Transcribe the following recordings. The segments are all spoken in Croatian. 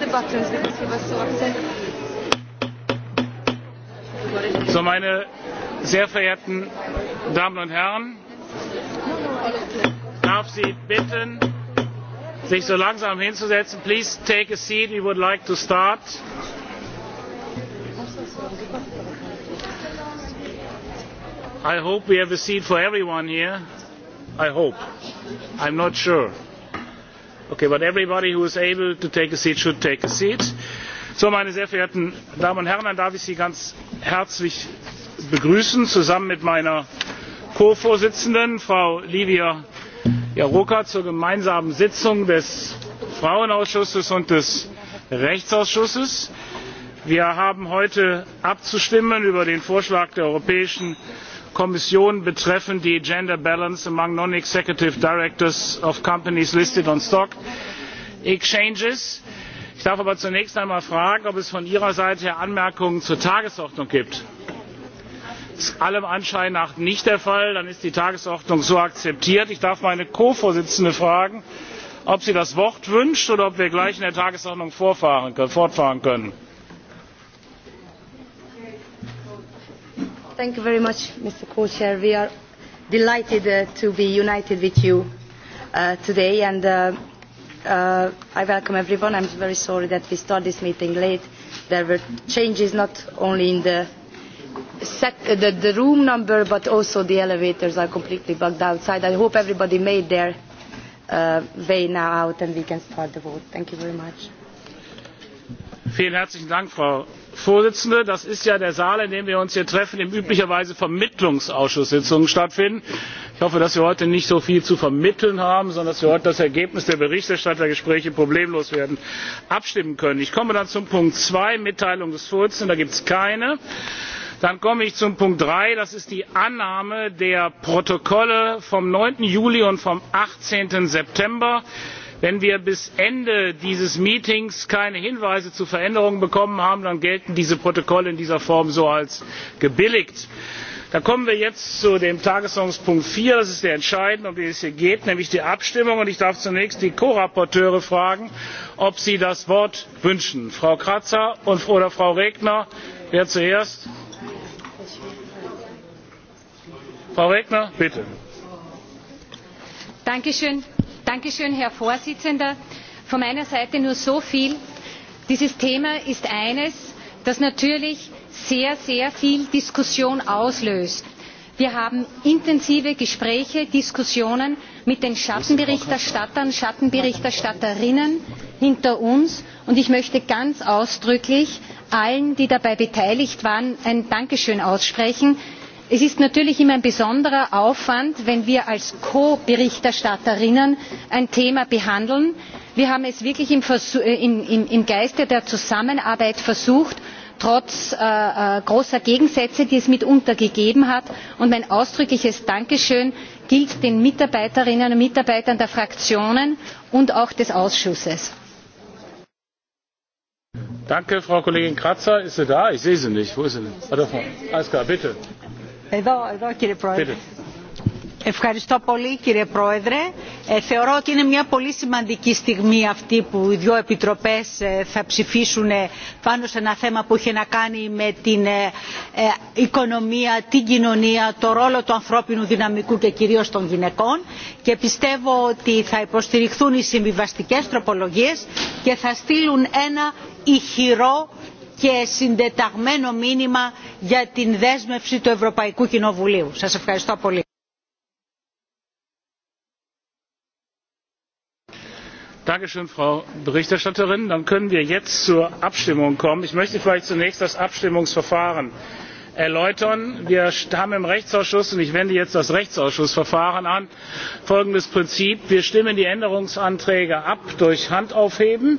so So, meine sehr verehrten Damen und Herren, darf Sie bitten, sich so langsam hinzusetzen. Please take a seat. We would like to start. I hope we have a seat for everyone here. I hope. I'm not sure. Okay, but everybody who is able to take a seat should take a seat. So, meine sehr verehrten Damen und Herren, dann darf ich Sie ganz herzlich begrüßen, zusammen mit meiner Co-Vorsitzenden, Frau Livia Jaroka, zur gemeinsamen Sitzung des Frauenausschusses und des Rechtsausschusses. Wir haben heute abzustimmen über den Vorschlag der Europäischen kommission betreffen die gender balance among non executive directors of companies listed on stock exchanges. ich darf aber zunächst einmal fragen ob es von ihrer seite her anmerkungen zur tagesordnung gibt. das ist allem anschein nach nicht der fall. dann ist die tagesordnung so akzeptiert. ich darf meine ko vorsitzende fragen ob sie das wort wünscht oder ob wir gleich in der tagesordnung fortfahren können. Thank you very much, Mr. Co-Chair. We are delighted uh, to be united with you uh, today, and uh, uh, I welcome everyone. I'm very sorry that we start this meeting late. There were changes not only in the, set, uh, the, the room number, but also the elevators are completely bugged outside. I hope everybody made their uh, way now out, and we can start the vote. Thank you very much. Vielen herzlichen Dank, Frau vorsitzende das ist ja der saal in dem wir uns hier treffen in dem üblicherweise vermittlungsausschusssitzungen stattfinden. ich hoffe dass wir heute nicht so viel zu vermitteln haben sondern dass wir heute über das ergebnis der berichterstattergespräche problemlos werden abstimmen können. ich komme dann zu punkt zwei mitteilung des vorsitzenden da gibt es keine. dann komme ich zu punkt drei das ist die annahme der protokolle vom. neun juli und vom. achtzehn september wenn wir bis ende dieses meetings keine hinweise zu veränderungen bekommen haben dann gelten diese protokolle in dieser form so als gebilligt. Da kommen wir jetzt zu dem tagesordnungspunkt vier das ist der entscheidende um den es hier geht nämlich die abstimmung. und ich darf zunächst die ko rapporteure fragen ob sie das wort wünschen. frau kratsa oder frau regner? wer zuerst? frau regner bitte. Herr Präsident. Von meiner Seite nur so viel. Dieses Thema ist eines, das natürlich sehr, sehr viel Diskussion auslöst. Wir haben intensive Gespräche, Diskussionen mit den Schattenberichterstattern, Schattenberichterstatterinnen hinter uns. Und ich möchte ganz ausdrücklich allen, die dabei beteiligt waren, ein Dankeschön aussprechen es ist natürlich immer ein besonderer aufwand wenn wir als ko berichterstatterinnen ein thema behandeln. wir haben es wirklich im äh, geiste der zusammenarbeit versucht trotz äh, äh, großer gegensätze die es mitunter gegeben hat und mein ausdrückliches dankeschön gilt den mitarbeiterinnen und mitarbeitern der fraktionen und auch des ausschusses. frau kollegin kratsa! ist sie da? ich sehe sie nicht. wo ist sie denn? Ah, bitte! Ευχαριστώ πολύ κύριε Πρόεδρε. θεωρώ ότι είναι μια πολύ σημαντική στιγμή αυτή που οι δύο επιτροπές θα ψηφίσουν πάνω σε ένα θέμα που έχει να κάνει με την οικονομία, την κοινωνία, το ρόλο του ανθρώπινου δυναμικού και κυρίως των γυναικών και πιστεύω ότι θα υποστηριχθούν οι συμβιβαστικές τροπολογίες και θα στείλουν ένα ηχηρό και συντεταγμένο μήνυμα για την δέσμευση του Ευρωπαϊκού Κοινοβουλίου. Σας ευχαριστώ πολύ. Dankeschön, Frau Berichterstatterin. Dann können wir jetzt zur Abstimmung kommen. Ich möchte vielleicht zunächst das Abstimmungsverfahren erläutern. Wir haben im Rechtsausschuss, und ich wende jetzt das Rechtsausschussverfahren an, folgendes Prinzip. Wir stimmen die Änderungsanträge ab durch Handaufheben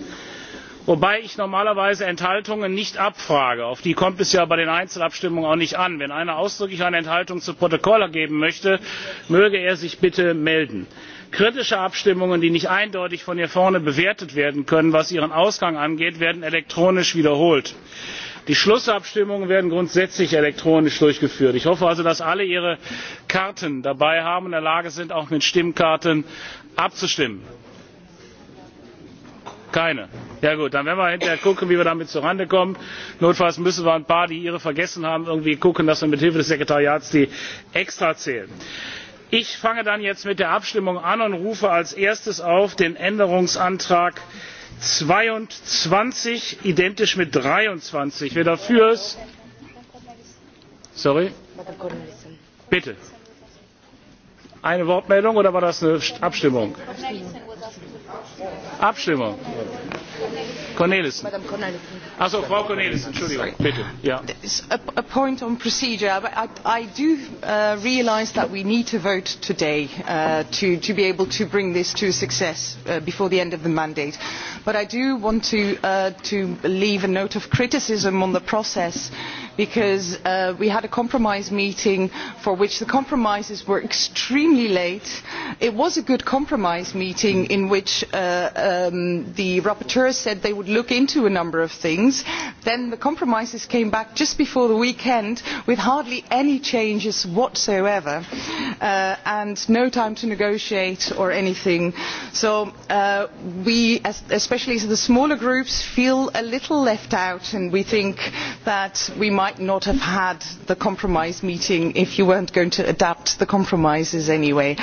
wobei ich normalerweise enthaltungen nicht abfrage auf die kommt es ja bei den einzelabstimmungen auch nicht an. wenn einer ausdrücklich eine enthaltung zu protokoll geben möchte möge er sich bitte melden. kritische abstimmungen die nicht eindeutig von hier vorne bewertet werden können was ihren ausgang angeht werden elektronisch wiederholt. die schlussabstimmungen werden grundsätzlich elektronisch durchgeführt. ich hoffe also dass alle ihre karten dabei haben und in der lage sind auch mit stimmkarten abzustimmen keine? ja gut dann werden wir hinterher gucken wie wir damit Rande kommen. notfalls müssen wir ein paar die ihre vergessen haben irgendwie gucken dass wir mit hilfe des sekretariats die extra zählen. ich fange dann jetzt mit der abstimmung an und rufe als erstes auf den änderungsantrag 22 identisch mit 23 wer dafür ist sorry bitte eine wortmeldung oder war das eine abstimmung? Abstimmung. Cornelissen. Also, Frau Cornelissen, Entschuldigung, A, point on procedure. I, do uh, realize realise that we need to vote today uh, to, be able to bring this to success uh, before the end of the mandate. But I do want to, leave a note of criticism on the process because uh, we had a compromise meeting for which the compromises were extremely late. it was a good compromise meeting in which uh, um, the rapporteurs said they would look into a number of things. then the compromises came back just before the weekend with hardly any changes whatsoever uh, and no time to negotiate or anything. so we especially the smaller groups feel a little left out and we think that we might not have had the compromise meeting if you were not going to adapt the compromises anyway.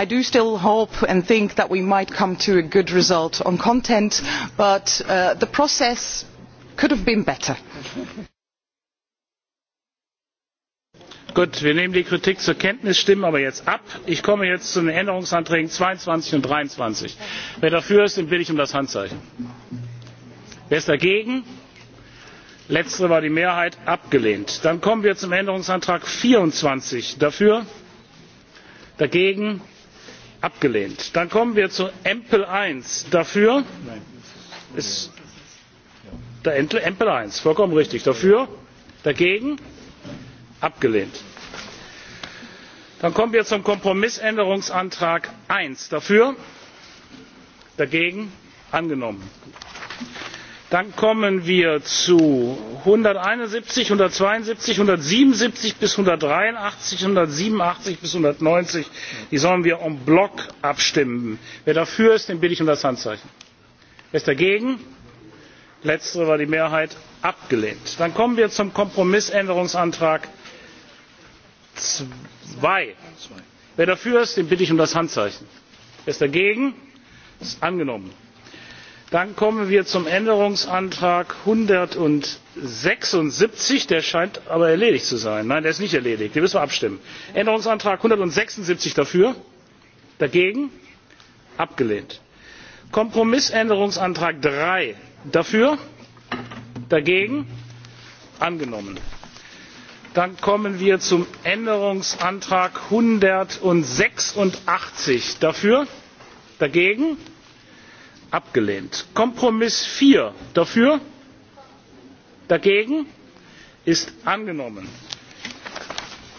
i do still hope and think that we might come to a good result on content but uh, the process could have been better. gut wir nehmen die kritik zur kenntnis stimmen aber jetzt ab. ich komme jetzt zu den änderungsanträgen zweiundzwanzig und. dreiundzwanzig wer dafür ist den bitte ich um das handzeichen. wer ist dagegen? letztere war die mehrheit abgelehnt. dann kommen wir zum änderungsantrag vierundzwanzig dafür dagegen abgelehnt. dann kommen wir zu empl eins dafür vollkommen richtig dafür dagegen abgelehnt. dann kommen wir zum kompromissänderungsantrag eins dafür dagegen angenommen dann kommen wir zu einhunderteinundsiebzig einhundertzweiundsiebzig einhundertsiebenundsiebzig bis einhundertdreiundachtzig einhundertsiebenundachtzig bis einhundertneunzig die sollen wir en bloc abstimmen. wer dafür ist den bitte ich um das handzeichen. wer ist dagegen? letztere war die mehrheit abgelehnt. dann kommen wir zum kompromissänderungsantrag. zwei wer dafür ist den bitte ich um das handzeichen. wer ist dagegen? ist angenommen dann kommen wir zum änderungsantrag einhundertsechsundsiebzig der scheint aber erledigt zu sein. nein der ist nicht erledigt hier müssen wir abstimmen. änderungsantrag einhundertsechsundsiebzig dafür dagegen abgelehnt; kompromissänderungsantrag drei dafür dagegen angenommen; dann kommen wir zum änderungsantrag einhundertsechsundachtzig dafür dagegen abgelehnt. kompromiss vier dafür dagegen ist angenommen.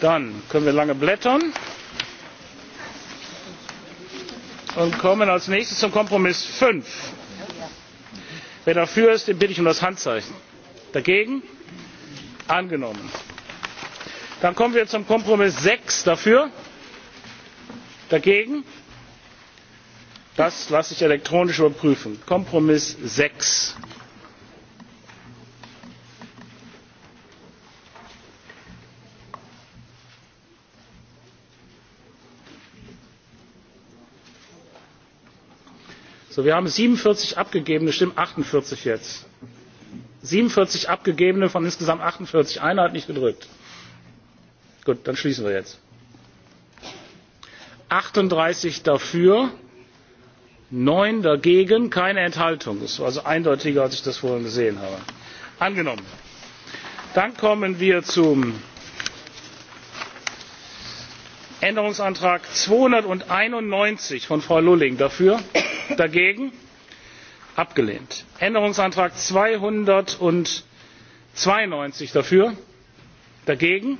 dann können wir lange blättern und kommen als nächstes zum kompromiss. fünf wer dafür ist den bitte ich um das handzeichen. dagegen angenommen. dann kommen wir zum kompromiss sechs dafür dagegen das lasse ich elektronisch überprüfen. kompromiss sechs So, wir haben siebenundvierzig abgegebene stimmen achtundvierzig jetzt siebenundvierzig abgegebene von insgesamt achtundvierzig einer hat nicht gedrückt. gut dann schließen wir jetzt. achtunddreißig dafür neun dagegen keine enthaltung. das war also eindeutiger als ich das vorhin gesehen habe. angenommen! dann kommen wir zum änderungsantrag zweihunderteinundneunzig von frau lulling dafür dagegen abgelehnt; änderungsantrag zweihundertzweiundneunzig dafür dagegen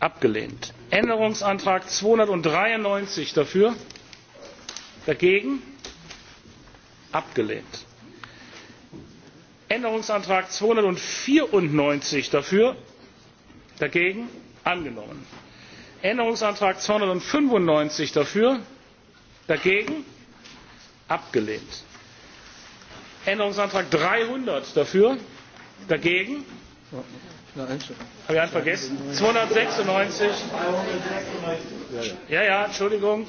abgelehnt; änderungsantrag zweihundertdreiundneunzig dafür dagegen abgelehnt; änderungsantrag zweihundertvierundneunzig dafür dagegen angenommen; änderungsantrag zweihundertfünfundneunzig dafür dagegen abgelehnt; änderungsantrag dreihundert dafür dagegen habe ich einen vergessen? zweihundertsechsundneunzig ja ja entschuldigung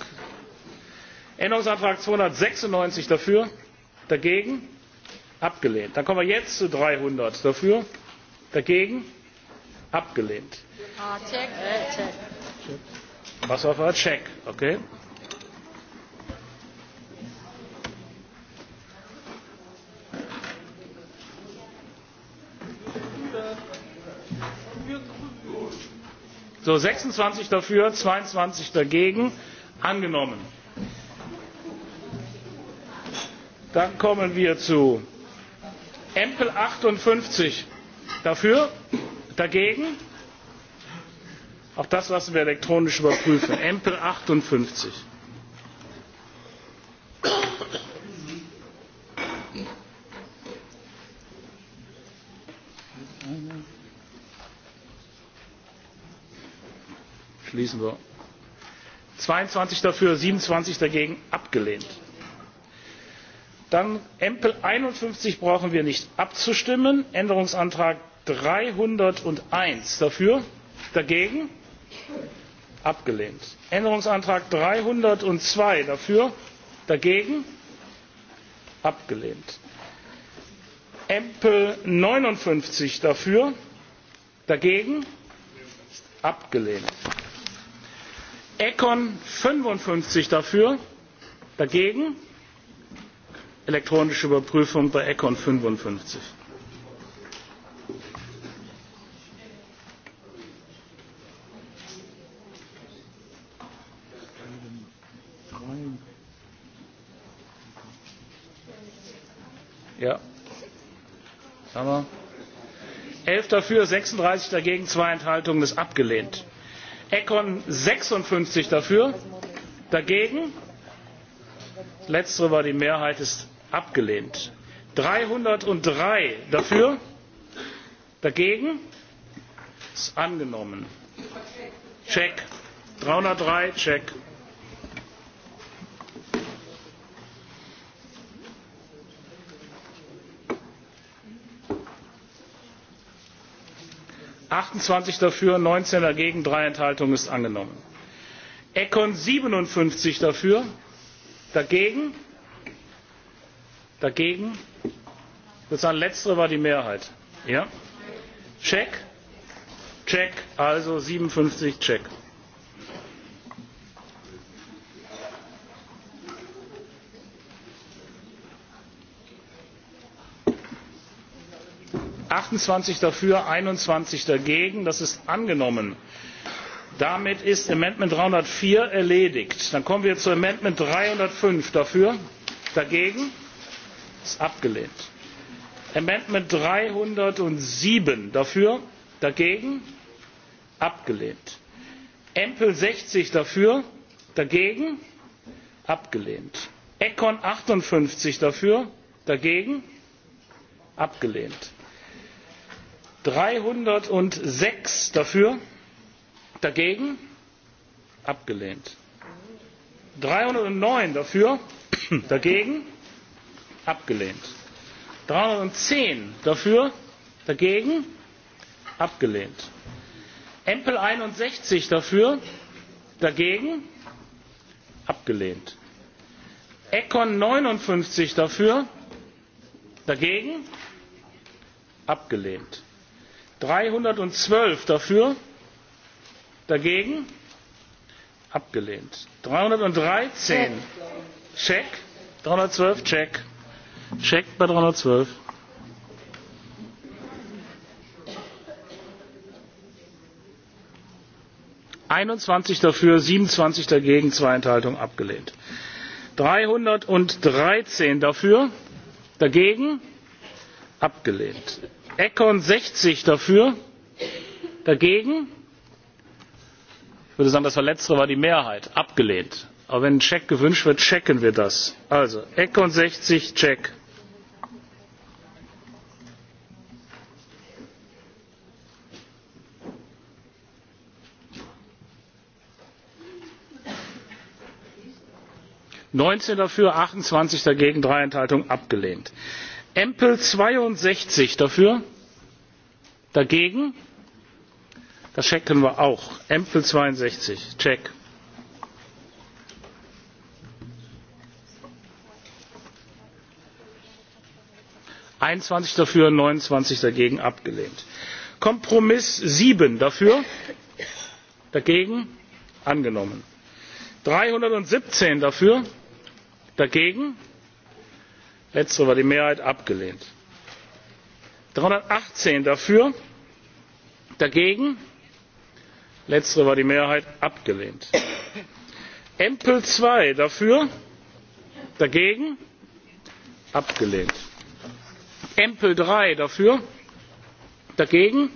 änderungsantrag zweihundertsechsundneunzig dafür dagegen abgelehnt. dann kommen wir jetzt zu dreihundert dafür dagegen abgelehnt. was war für check so sechsundzwanzig dafür zweiundzwanzig dagegen angenommen. Dann kommen wir zu Empel 58. Dafür? Dagegen? Auch das lassen wir elektronisch überprüfen. Empel 58. Schließen wir. 22 dafür, 27 dagegen abgelehnt dann empl. einundfünfzig brauchen wir nicht abzustimmen änderungsantrag dreihunderteins dafür dagegen abgelehnt; änderungsantrag dreihundertzwei dafür dagegen abgelehnt; empl. neunundfünfzig dafür dagegen abgelehnt; econ fünfundfünfzig dafür dagegen elektronische überprüfung bei econ fünfundfünfzig elf dafür sechsunddreißig dagegen zwei enthaltungen ist abgelehnt. econ sechsundfünfzig dafür dagegen letztere war die mehrheit abgelehnt; dreihundertdrei dafür dagegen ist angenommen; check dreihundertdrei check. achtundzwanzig dafür neunzehn dagegen drei enthaltungen ist angenommen. econ siebenundfünfzig dafür dagegen dagegen? ich letztere war die mehrheit. Ja? check? check also siebenundfünfzig check. achtundzwanzig dafür einundzwanzig dagegen das ist angenommen. damit ist änderungsantrag dreihundertvier erledigt. dann kommen wir zu änderungsantrag dreihundertfünf dafür dagegen ist abgelehnt. Amendment 307 dafür, dagegen, abgelehnt. empl sechzig dafür, dagegen, abgelehnt. Econ 58 dafür, dagegen, abgelehnt. 306 dafür, dagegen, abgelehnt. Dreihundertneun dafür, dagegen, abgelehnt; dreihundertzehn dafür dagegen abgelehnt; empl. einundsechzig dafür dagegen abgelehnt; econ neunundfünfzig dafür dagegen abgelehnt; dreihundertzwölf dafür dagegen abgelehnt; dreihundertdreizehn check dreihundertzwölf check check bei 312. einundzwanzig dafür 27 dagegen zwei enthaltungen abgelehnt; dreihundertdreizehn dafür dagegen abgelehnt; econ sechzig dafür dagegen ich würde sagen das letztere war die mehrheit abgelehnt aber wenn ein check gewünscht wird checken wir das. also econ sechzig check. neunzehn dafür achtundzwanzig dagegen drei enthaltungen abgelehnt; empl. zweiundsechzig dafür dagegen das checken wir auch empl. zweiundsechzig check; einundzwanzig dafür neunundzwanzig dagegen abgelehnt; kompromiss sieben dafür dagegen angenommen; dreihundertsiebzehn dafür dagegen letztere war die mehrheit abgelehnt; dreihundertachtzehn dafür dagegen letztere war die mehrheit abgelehnt; empl. zwei dafür dagegen abgelehnt; empl. drei dafür dagegen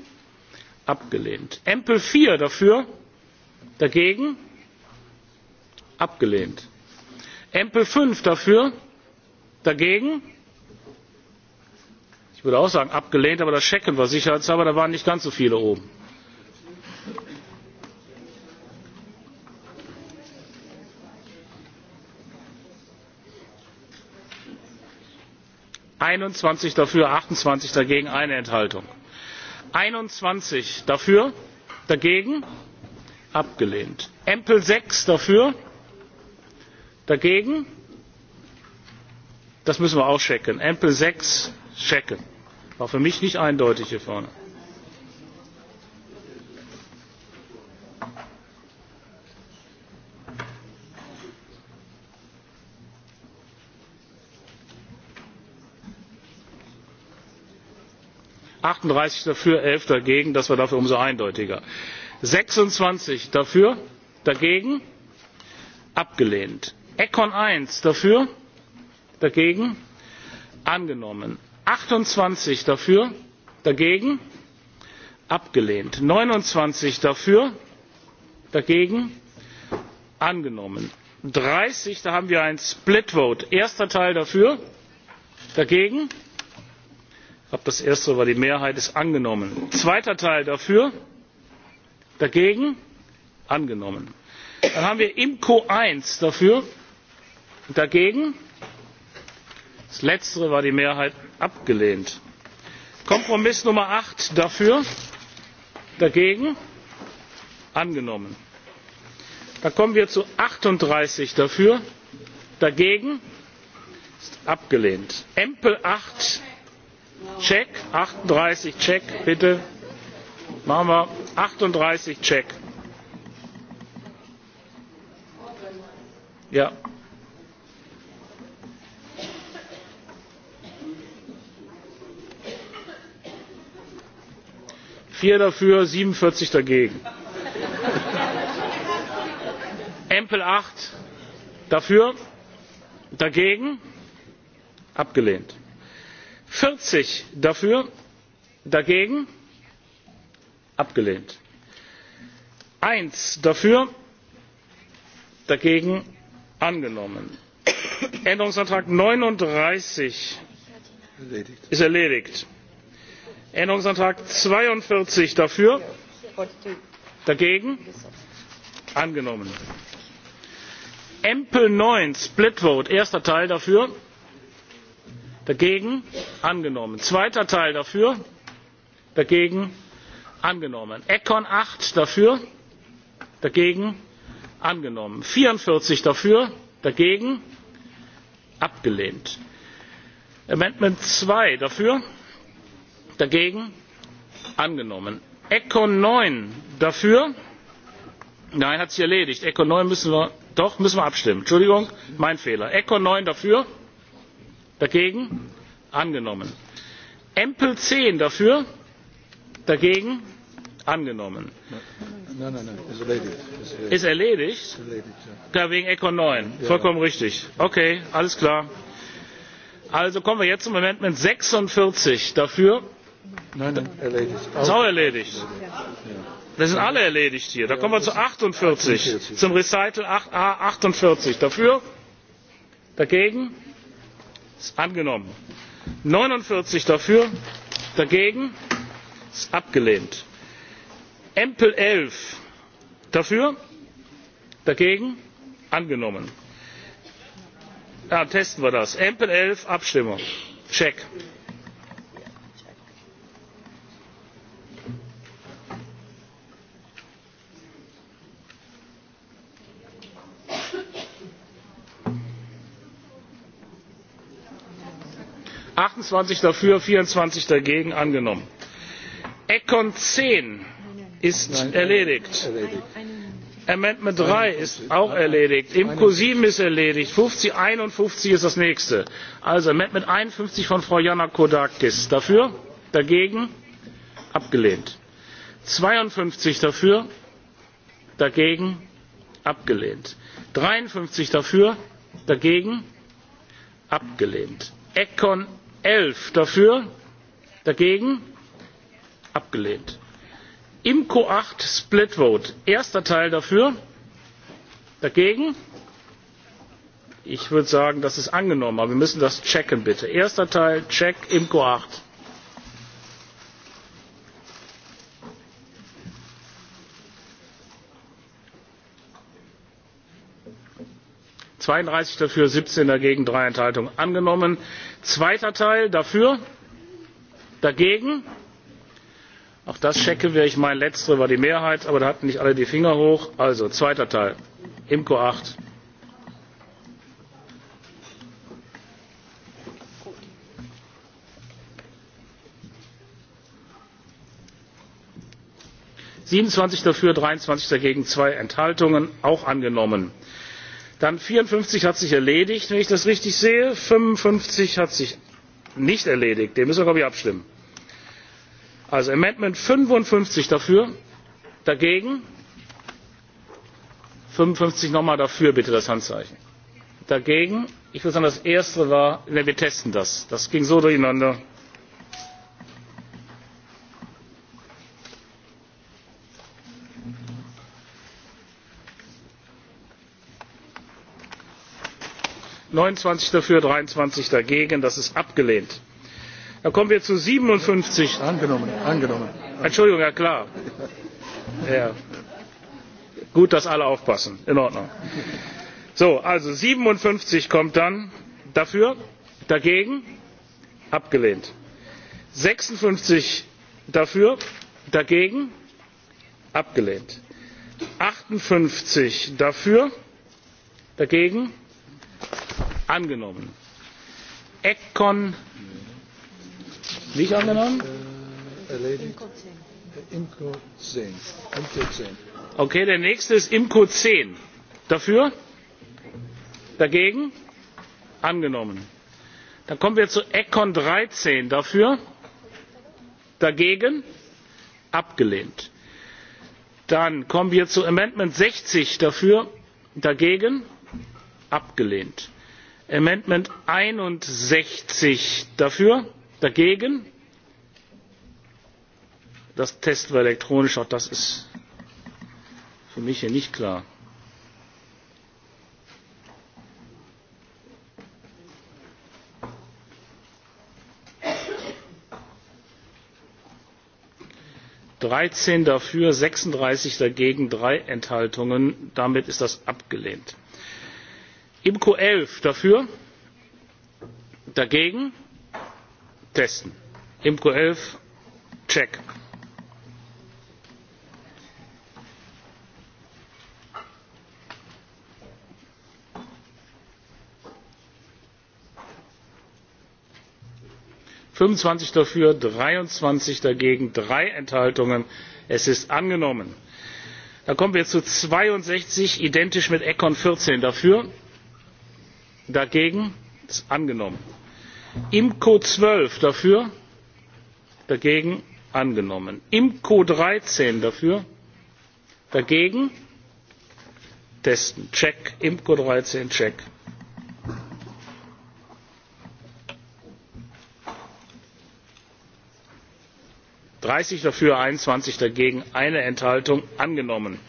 abgelehnt; empl. vier dafür dagegen abgelehnt; empl fünf dafür dagegen ich würde auch sagen abgelehnt aber das checken wir sicherheitshalber da waren nicht ganz so viele oben. einundzwanzig dafür achtundzwanzig dagegen eine enthaltung. einundzwanzig dafür dagegen abgelehnt. empl sechs dafür dagegen das müssen wir auch checken Ampel sechs checken war für mich nicht eindeutig hier vorne achtunddreißig dafür elf dagegen das war dafür umso eindeutiger sechsundzwanzig dafür dagegen abgelehnt; econ eins dafür dagegen angenommen; achtundzwanzig dafür dagegen abgelehnt; neunundzwanzig dafür dagegen angenommen; dreißig da haben wir ein split vote erster teil dafür dagegen ich glaube das erste war die mehrheit ist angenommen; zweiter teil dafür dagegen angenommen. dann haben wir imco eins dafür dagegen das letztere war die mehrheit abgelehnt. kompromiss nummer acht dafür dagegen angenommen. dann kommen wir zu achtunddreißig dafür dagegen abgelehnt. empl acht check achtunddreißig check bitte machen wir achtunddreißig check. ja vier dafür siebenundvierzig dagegen empl acht dafür dagegen abgelehnt; vierzig dafür dagegen abgelehnt; eins dafür dagegen angenommen; änderungsantrag neununddreißig ist erledigt; änderungsantrag zweiundvierzig dafür dagegen angenommen; empl. neun split vote erster teil dafür dagegen angenommen; zweiter teil dafür dagegen angenommen; econ acht dafür dagegen angenommen; vierundvierzig dafür dagegen abgelehnt; amendment zwei dafür dagegen angenommen ECO neun dafür nein hat sich erledigt econ neun müssen wir doch müssen wir abstimmen entschuldigung mein fehler ECO neun dafür dagegen angenommen empl zehn dafür dagegen angenommen Nein, nein. ist erledigt ja, wegen econ neun vollkommen richtig okay alles klar also kommen wir jetzt zum amendment sechsundvierzig dafür Nein, nein, erledigt. Ist auch erledigt. Das sind alle erledigt hier. Da kommen wir zu 48, zum Recital 8a 48. Dafür? Dagegen? Ist angenommen. 49 dafür, dagegen? Ist abgelehnt. Empel 11 dafür, dagegen? Angenommen. Ja, testen wir das. Empel 11, Abstimmung. Check. achtundzwanzig dafür vierundzwanzig dagegen angenommen. econ zehn ist erledigt Amendment drei ist auch erledigt imco sieben ist erledigt einundfünfzig ist das nächste also änderungsantrag einundfünfzig von frau yannakoudakis dafür dagegen abgelehnt; zweiundfünfzig dafür dagegen abgelehnt; dreiundfünfzig dafür dagegen abgelehnt; econ elf dafür dagegen abgelehnt. imco acht split vote erster teil dafür dagegen ich würde sagen das ist angenommen aber wir müssen das checken bitte. erster teil check imco acht. zweiunddreißig dafür siebzehn dagegen drei enthaltungen angenommen. zweiter teil dafür dagegen auch das checke wir ich meine letztere war die mehrheit aber da hatten nicht alle die finger hoch also zweiter teil imco acht siebenundzwanzig dafür dreiundzwanzig dagegen zwei enthaltungen auch angenommen dann vierundfünfzig hat sich erledigt wenn ich das richtig sehe fünfundfünfzig hat sich nicht erledigt dem müssen wir glaube ich abstimmen. also änderungsantrag fünfundfünfzig dafür dagegen fünfundfünfzig noch einmal dafür bitte das handzeichen dagegen ich würde sagen das erste war wir testen das das ging so durcheinander neunundzwanzig dafür dreiundzwanzig dagegen. das ist abgelehnt. dann kommen wir zu siebenundfünfzig angenommen, angenommen. entschuldigung ja klar gut dass alle aufpassen in ordnung. So, also siebenundfünfzig kommt dann dafür dagegen abgelehnt sechsundfünfzig dafür dagegen abgelehnt achtundfünfzig dafür dagegen angenommen. Econ nicht angenommen? Äh, erledigt. Imco 10. Imco 10. Okay, der nächste ist Imco 10. Dafür? Dagegen? Angenommen. Dann kommen wir zu Econ 13. Dafür? Dagegen? Abgelehnt. Dann kommen wir zu Amendment 60. Dafür? Dagegen? Abgelehnt amendment einundsechzig dafür dagegen das testen war elektronisch auch das ist für mich hier nicht klar. dreizehn dafür sechsunddreißig dagegen drei enthaltungen. damit ist das abgelehnt imco elf dafür dagegen testen imco elf check fünfundzwanzig dafür dreiundzwanzig dagegen drei enthaltungen. es ist angenommen. dann kommen wir zu zweiundsechzig identisch mit econ vierzehn dafür dagegen ist angenommen. imco zwölf dafür dagegen angenommen. imco dreizehn dafür dagegen testen check imco dreizehn check. dreißig dafür einundzwanzig dagegen eine enthaltung angenommen.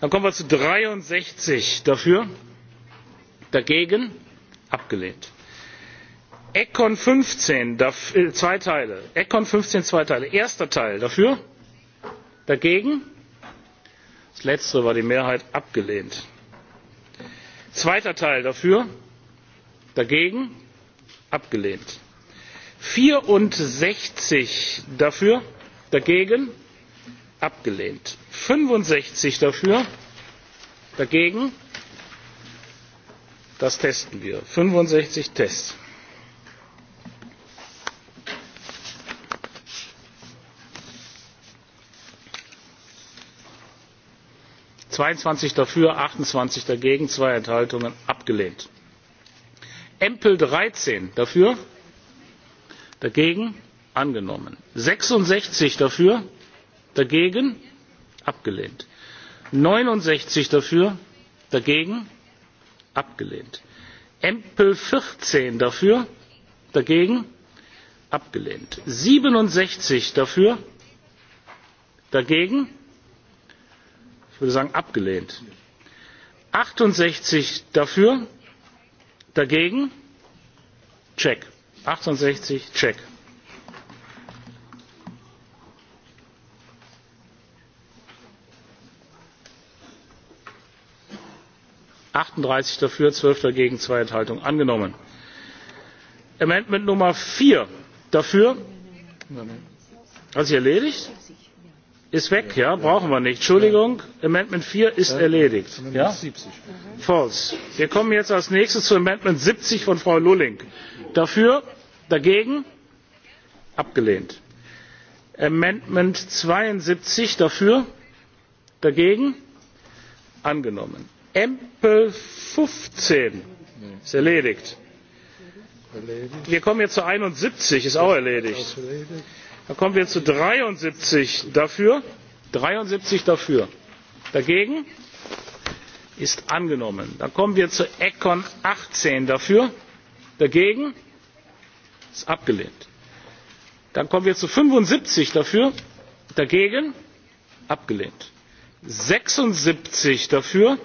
dann kommen wir zu dreiundsechzig dafür dagegen abgelehnt; econ fünfzehn äh, zwei teile econ fünfzehn zwei teile erster teil dafür dagegen das letztere war die mehrheit abgelehnt; zweiter teil dafür dagegen abgelehnt; vierundsechzig dafür dagegen abgelehnt; fünfundsechzig dafür dagegen das testen wir fünfundsechzig tests zweiundzwanzig dafür achtundzwanzig dagegen zwei enthaltungen abgelehnt; empl dreizehn dafür dagegen angenommen; sechsundsechzig dafür dagegen abgelehnt; neunundsechzig dafür dagegen abgelehnt; empl. vierzehn dafür dagegen abgelehnt; siebenundsechzig dafür dagegen ich würde sagen abgelehnt; achtundsechzig dafür dagegen check; achtundsechzig check. achtunddreißig dafür zwölf dagegen zwei enthaltungen angenommen; änderungsantrag nummer vier dafür hat sich erledigt? ist weg ja brauchen wir nicht entschuldigung amendment vier ist erledigt ja? false. wir kommen jetzt als nächstes zu amendment siebzig von frau lulling dafür dagegen abgelehnt; amendment zweiundsiebzig dafür dagegen angenommen; empl fünfzehn ist erledigt. wir kommen jetzt zu einundsiebzig ist auch erledigt. dann kommen wir zu dreiundsiebzig dafür dreiundsiebzig dafür dagegen ist angenommen. dann kommen wir zu econ achtzehn dafür dagegen ist abgelehnt. dann kommen wir zu fünfundsiebzig dafür dagegen abgelehnt. sechsundsiebzig dafür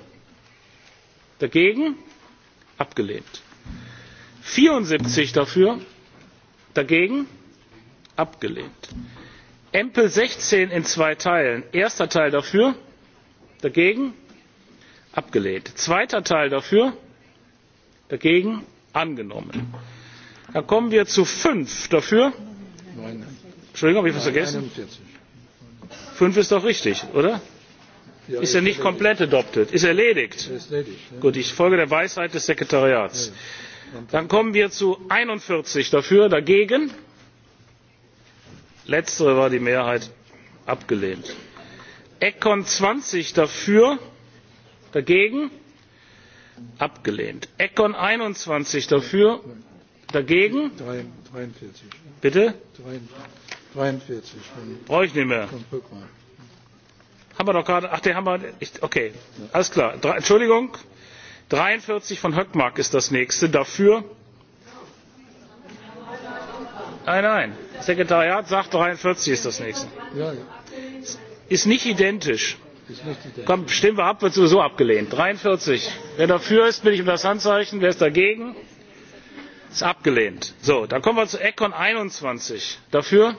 dagegen abgelehnt; vierundsiebzig dafür dagegen abgelehnt; empl. sechzehn in zwei teilen erster teil dafür dagegen abgelehnt; zweiter teil dafür dagegen angenommen. dann kommen wir zu fünf dafür entschuldigung habe ich etwas vergessen? fünf ist doch richtig oder? ist er nicht komplett adopted? ist er erledigt? Er gut ich folge der weisheit des sekretariats. dann kommen wir zu einundvierzig dafür dagegen letztere war die mehrheit abgelehnt. econ zwanzig dafür dagegen abgelehnt. econ einundzwanzig dafür dagegen bitte brauche ich nicht mehr haben wir doch gerade ach den haben wir okay alles klar entschuldigung dreiundvierzig von hökmark ist das nächste dafür nein nein das sekretariat sagt 43 ist das nächste ist nicht identisch komm stimmen wir ab wird sowieso abgelehnt 43 wer dafür ist bitte ich um das handzeichen wer ist dagegen ist abgelehnt so dann kommen wir zu econ einundzwanzig dafür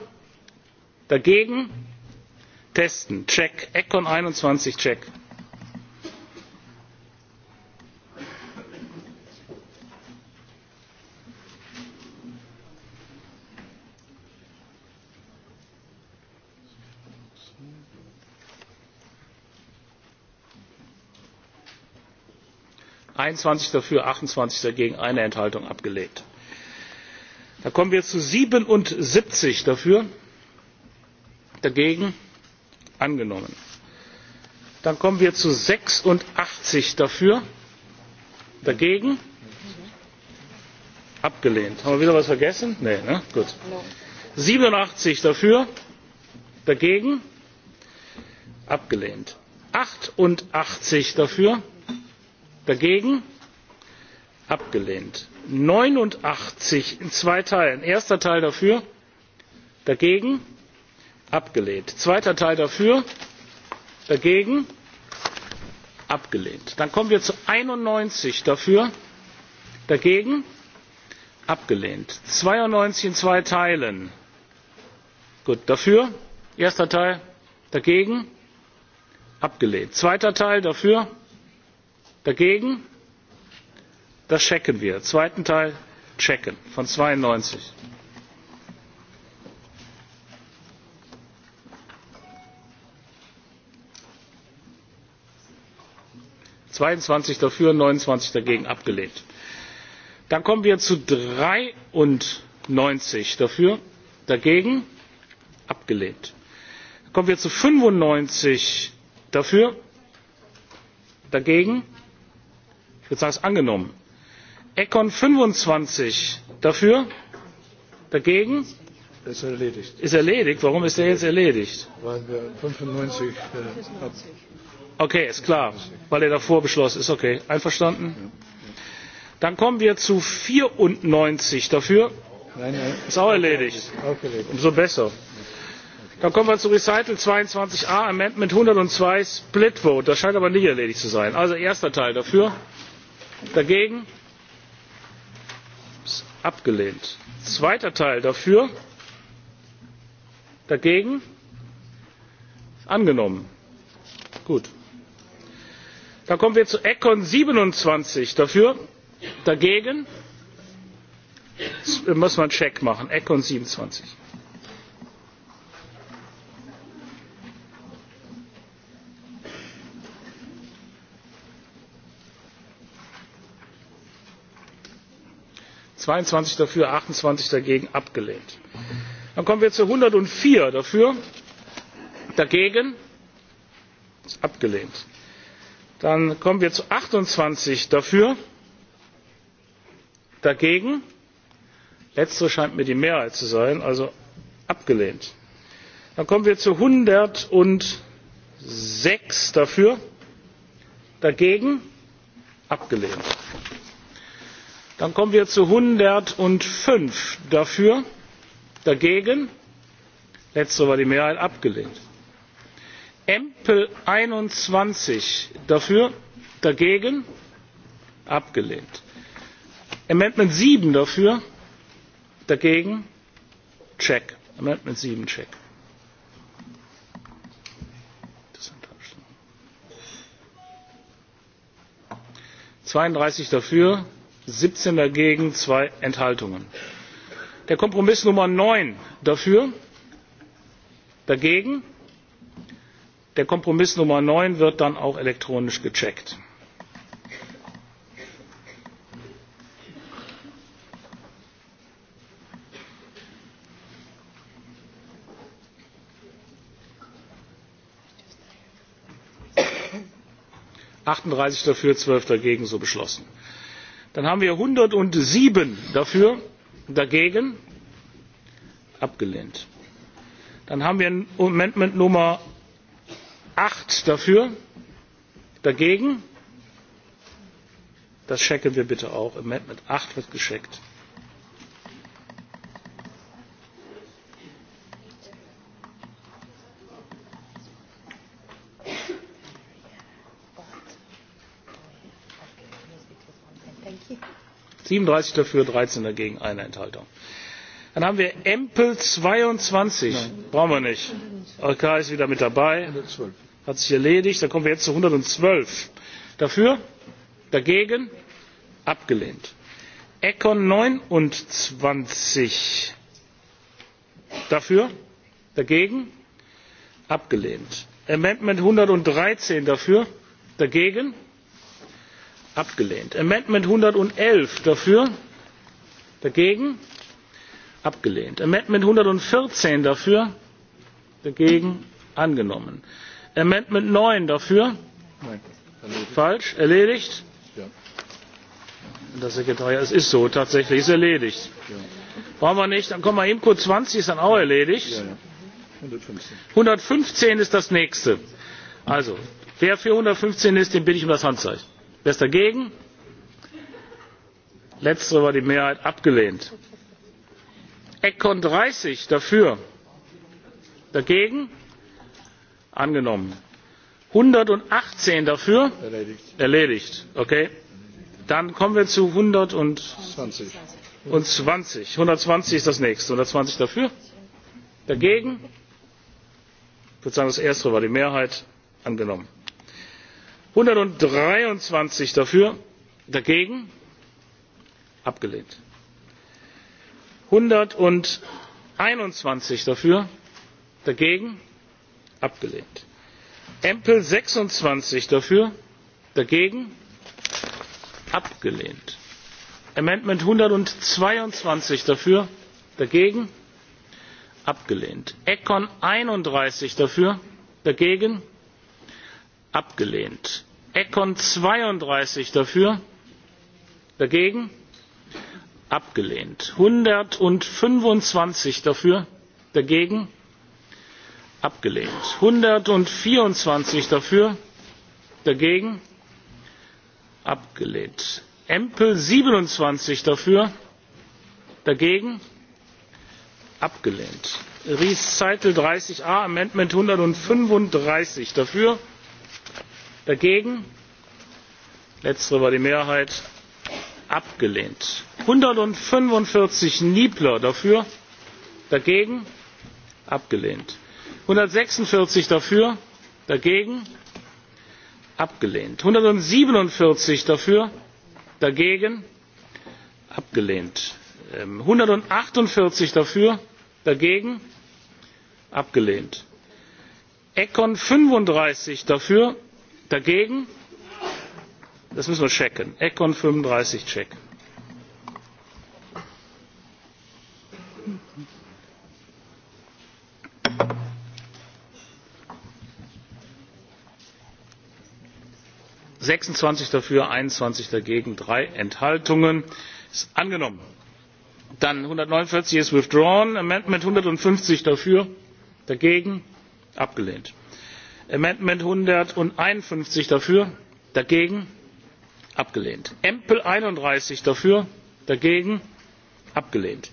dagegen testen check econ einundzwanzig check einundzwanzig dafür achtundzwanzig dagegen eine enthaltung abgelehnt. dann kommen wir zu siebenundsiebzig dafür dagegen angenommen. dann kommen wir zu sechsundachtzig dafür dagegen abgelehnt. haben wir wieder etwas vergessen? nein. Ne? gut. siebenundachtzig dafür dagegen abgelehnt. achtundachtzig dafür dagegen abgelehnt. neunundachtzig in zwei teilen erster teil dafür dagegen abgelehnt; zweiter teil dafür dagegen abgelehnt. dann kommen wir zu einundneunzig dafür dagegen abgelehnt; zweiundneunzig in zwei teilen Gut, dafür erster teil dagegen abgelehnt; zweiter teil dafür dagegen das checken wir zweiten teil checken von zweiundneunzig. zweiundzwanzig dafür neunundzwanzig dagegen abgelehnt. dann kommen wir zu dreiundneunzig dafür dagegen abgelehnt. dann kommen wir zu fünfundneunzig dafür dagegen ich würde sagen es ist angenommen. econ fünfundzwanzig dafür dagegen ist erledigt. ist erledigt? warum ist er jetzt erledigt? weil wir fünfundneunzig äh, okay ist klar weil er davor beschlossen ist okay einverstanden dann kommen wir zu vierundneunzig dafür ist auch erledigt umso besser dann kommen wir zu erwägung zweiundzwanzig a änderungsantrag einhundertzwei split vote das scheint aber nicht erledigt zu sein also erster teil dafür dagegen abgelehnt zweiter teil dafür dagegen angenommen gut Dann kommen wir zu econ siebenundzwanzig dafür dagegen äh, muss man check machen econ siebenundzwanzig zweiundzwanzig dafür achtundzwanzig dagegen abgelehnt. dann kommen wir zu einhundertvier dafür dagegen abgelehnt dann kommen wir zu achtundzwanzig dafür dagegen letztere scheint mir die mehrheit zu sein also abgelehnt. dann kommen wir zu einhundertsechs dafür dagegen abgelehnt. dann kommen wir zu einhundertfünf dafür dagegen letztere war die mehrheit abgelehnt empl einundzwanzig dafür dagegen abgelehnt; amendment sieben dafür dagegen check; amendment sieben check. zweiunddreißig dafür siebzehn dagegen zwei enthaltungen. der kompromiss nummer neun dafür dagegen der kompromiss nummer neun wird dann auch elektronisch gecheckt. achtunddreißig dafür zwölf dagegen so beschlossen. dann haben wir einhundertsieben dafür dagegen abgelehnt. dann haben wir änderungsantrag nummer acht dafür dagegen das checken wir bitte auch amendment acht wird gescheckt siebenunddreißig dafür dreizehn dagegen eine enthaltung. dann haben wir empl zweiundzwanzig brauchen wir nicht. okay ist wieder mit dabei hat sich erledigt. dann kommen wir jetzt zu einhundertzwölf dafür dagegen abgelehnt. econ neunundzwanzig dafür dagegen abgelehnt. amendment einhundertdreizehn dafür dagegen abgelehnt; amendment einhundertelf dafür dagegen abgelehnt; amendment einhundertvierzehn dafür dagegen angenommen; amendment neun dafür Nein, falsch erledigt ja. das sekretariat es ist so tatsächlich ist erledigt ja. brauchen wir nicht dann kommen wir imco zwanzig ist dann auch erledigt ja, 115. 115 ist das nächste also wer für 115 ist den bitte ich um das handzeichen wer ist dagegen letztere war die mehrheit abgelehnt econ dreißig dafür dagegen angenommen; einhundertachtzehn dafür erledigt. okay. dann kommen wir zu einhundertzwanzig einhundertzwanzig ist das nächste einhundertzwanzig dafür dagegen ich würde sagen das erste war die mehrheit angenommen; einhundertdreiundzwanzig dafür dagegen abgelehnt; einhunderteinundzwanzig dafür dagegen abgelehnt; empl. sechsundzwanzig dafür dagegen abgelehnt; amendment einhundertzweiundzwanzig dafür dagegen abgelehnt; econ einunddreißig dafür dagegen abgelehnt; econ zweiunddreißig dafür dagegen abgelehnt; einhundertfünfundzwanzig dafür dagegen abgelehnt; einhundertvierundzwanzig dafür dagegen abgelehnt; empl. siebenundzwanzig dafür dagegen abgelehnt; Ries Zeitel dreißig a amendment einhundertfünfunddreißig dafür dagegen letztere war die mehrheit abgelehnt; einhundertfünfundvierzig niebler dafür dagegen abgelehnt; einhundertsechsundvierzig dafür dagegen abgelehnt; einhundertsiebenundvierzig dafür dagegen abgelehnt; einhundertachtundvierzig ähm, dafür dagegen abgelehnt; econ fünfunddreißig dafür dagegen das müssen wir checken econ fünfunddreißig check. sechsundzwanzig dafür einundzwanzig dagegen drei enthaltungen. ist angenommen. dann einhundertneunundvierzig ist withdrawn amendment einhundertfünfzig dafür dagegen abgelehnt; amendment einhunderteinundfünfzig dafür dagegen abgelehnt; empl. einunddreißig dafür dagegen abgelehnt;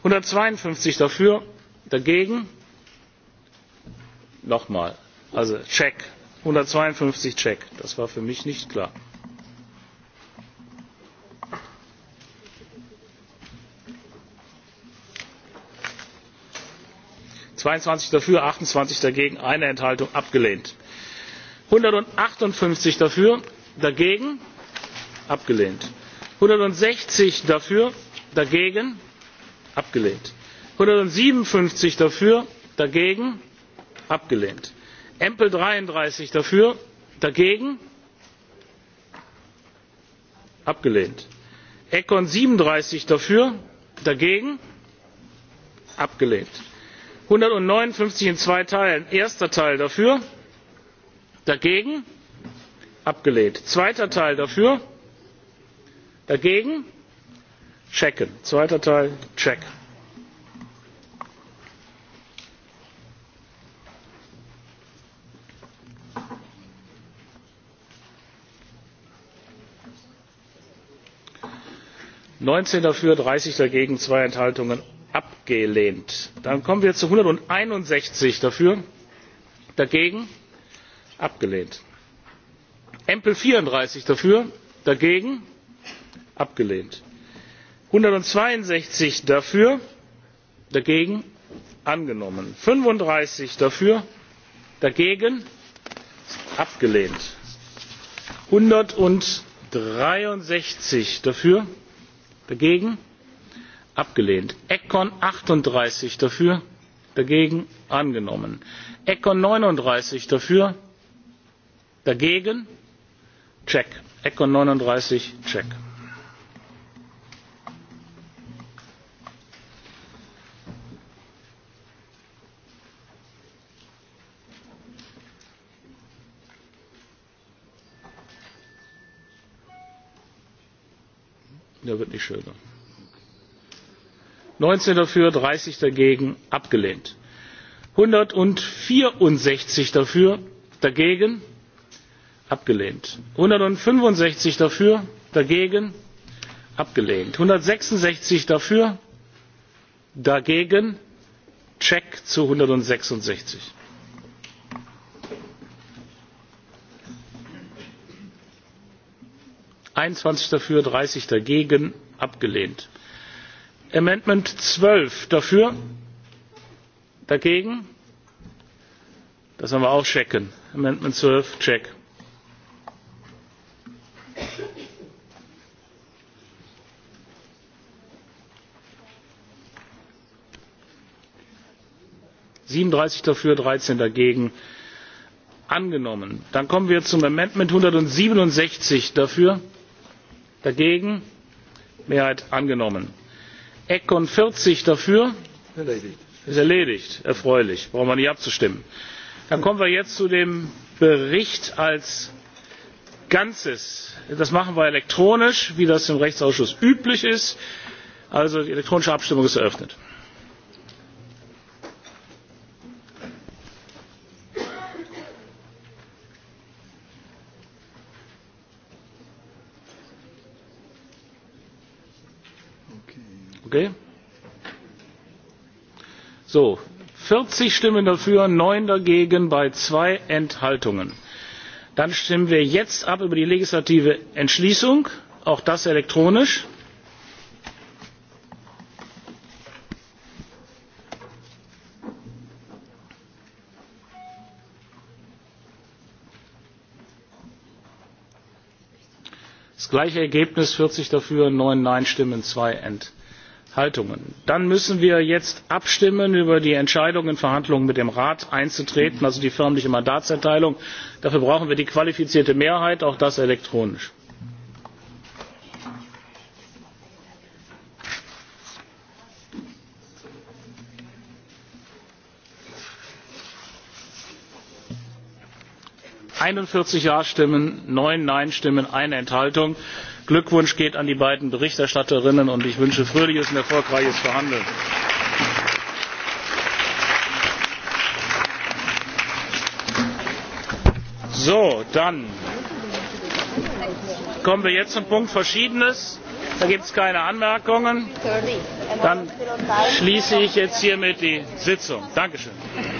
einhundertzweiundfünfzig dafür dagegen nochmal also check; einhundertzweiundfünfzig check das war für mich nicht klar. zweiundzwanzig dafür achtundzwanzig dagegen eine enthaltung abgelehnt; einhundertachtundfünfzig dafür dagegen abgelehnt; einhundertsechzig dafür dagegen abgelehnt; einhundertsiebenundfünfzig dafür dagegen abgelehnt; empl dreiunddreißig dafür dagegen abgelehnt; econ siebenunddreißig dafür dagegen abgelehnt; einhundertneunundfünfzig in zwei teilen erster teil dafür dagegen abgelehnt; zweiter teil dafür dagegen checken; zweiter teil check. neunzehn dafür dreißig dagegen zwei enthaltungen abgelehnt. dann kommen wir zu einhunderteinundsechzig dafür dagegen abgelehnt; empl. vierunddreißig dafür dagegen abgelehnt; einhundertzweiundsechzig dafür dagegen angenommen; fünfunddreißig dafür dagegen abgelehnt; einhundertdreiundsechzig dafür dagegen abgelehnt econ achtunddreißig dafür dagegen angenommen econ neununddreißig dafür dagegen check econ neununddreißig check. der wird nicht schöner. neunzehn dafür dreißig dagegen abgelehnt; einhundertvierundsechzig dafür dagegen abgelehnt; einhundertfünfundsechzig dafür dagegen abgelehnt; 166 dafür dagegen check zu einhundertsechsundsechzig. einundzwanzig dafür dreißig dagegen abgelehnt; änderungsantrag zwölf dafür dagegen das haben wir auch checken; änderungsantrag zwölf check. siebenunddreißig dafür dreizehn dagegen angenommen. dann kommen wir zum änderungsantrag einhundertsiebenundsechzig dafür dagegen mehrheit angenommen; econ vierzig dafür ist erledigt erfreulich brauchen wir nicht abzustimmen. dann kommen wir jetzt zu dem bericht als ganzem. das machen wir elektronisch wie das im rechtsausschuss üblich ist. also die elektronische abstimmung ist eröffnet. so vierzig stimmen dafür neun dagegen bei zwei enthaltungen. dann stimmen wir jetzt ab über die legislative entschließung auch das elektronisch. das gleiche ergebnis vierzig dafür neun nein stimmen zwei haltungen. dann müssen wir jetzt abstimmen über die entscheidung in verhandlungen mit dem rat einzutreten also die förmliche mandatserteilung. dafür brauchen wir die qualifizierte mehrheit auch das elektronisch. einundvierzig ja stimmen neun nein stimmen eine enthaltung glückwunsch geht an die beiden berichterstatterinnen und ich wünsche fröhliches und erfolgreiches verhandeln. dann kommen wir jetzt zum punkt verschiedenes. da gibt es keine anmerkungen. dann schließe ich jetzt hiermit die sitzung. danke schön!